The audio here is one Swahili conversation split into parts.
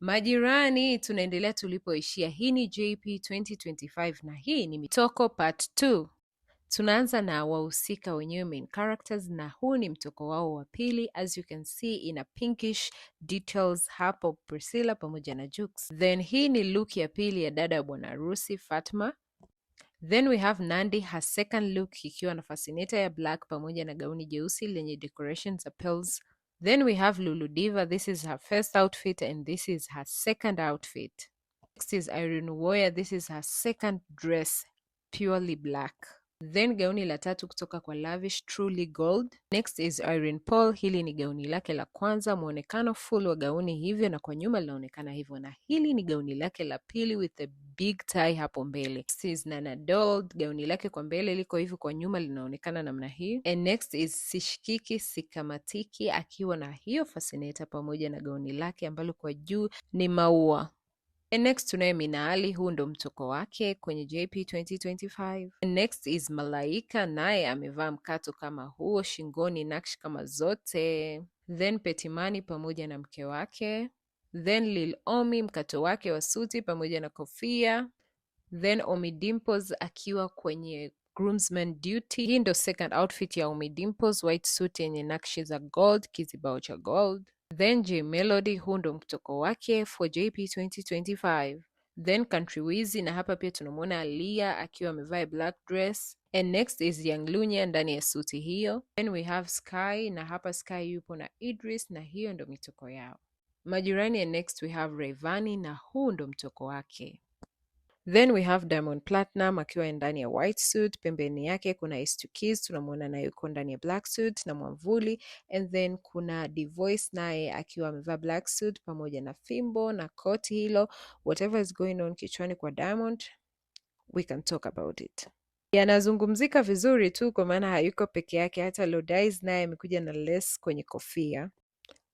Majirani, tunaendelea tulipoishia. Hii ni JP 2025 na hii ni Mitoko Part 2. Tunaanza na wahusika wenyewe main characters, na huu ni mtoko wao wa pili. As you can see, ina pinkish details hapo Priscilla pamoja na Jux. Then hii ni look ya pili ya dada ya bwana rusi Fatma. Then we have Nandi, her second look ikiwa na fascinator ya black pamoja na gauni jeusi lenye decorations za Then we have Lulu Diva. This is her first outfit and this is her second outfit. Next is Irene Warrior. This is her second dress, purely black. Then gauni la tatu kutoka kwa Lavish Truly Gold. Next is Irene Paul. Hili ni gauni lake la kwanza, mwonekano full wa gauni hivyo, na kwa nyuma linaonekana hivyo, na hili ni gauni lake la pili with the big tie hapo mbele. is Nana gauni lake kwa mbele liko hivi, kwa nyuma linaonekana namna hii. And next is Sishikiki Sikamatiki akiwa na hiyo fascinator pamoja na gauni lake ambalo kwa juu ni maua. And next tunaye Minaali, huu ndo mtoko wake kwenye JP 2025. And next is Malaika, naye amevaa mkato kama huo shingoni, nakshi kama zote, then Petimani pamoja na mke wake then Lil Omi mkato wake wa suti pamoja na kofia, then Omi Dimples akiwa kwenye groomsman duty. Hii ndo second outfit ya Omi Dimples, white suit yenye nakshi za gold, kizibao cha gold, then J Melody, huu ndo mtoko wake for JP 2025 then Country Wizi na hapa pia tunamwona alia akiwa amevaa black dress and next is Young Lunya ndani ya suti hiyo. Then we have Sky na hapa Sky yupo na Idris na hiyo ndo mitoko yao. Majirani and next we have Rayvanny na huu ndo mtoko wake. Then we have Diamond Platinum akiwa ndani ya white suit, pembeni yake kuna Estukiz tunamwona naye yuko ndani ya black suit na mwamvuli, and then kuna Dvoice naye akiwa amevaa black suit pamoja na fimbo na koti hilo. Whatever is going on kichwani kwa Diamond, we can talk about it yanazungumzika vizuri tu, kwa maana hayuko peke yake. Hata Lodice naye amekuja na less kwenye kofia.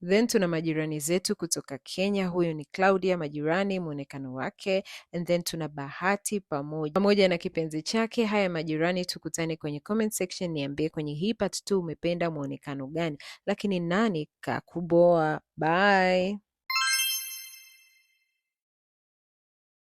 Then tuna majirani zetu kutoka Kenya, huyu ni Claudia Majirani, mwonekano wake. And then tuna Bahati pamoja pamoja na kipenzi chake. Haya majirani, tukutane kwenye comment section, niambie kwenye hii part 2 umependa mwonekano gani, lakini nani kakuboa? Bye.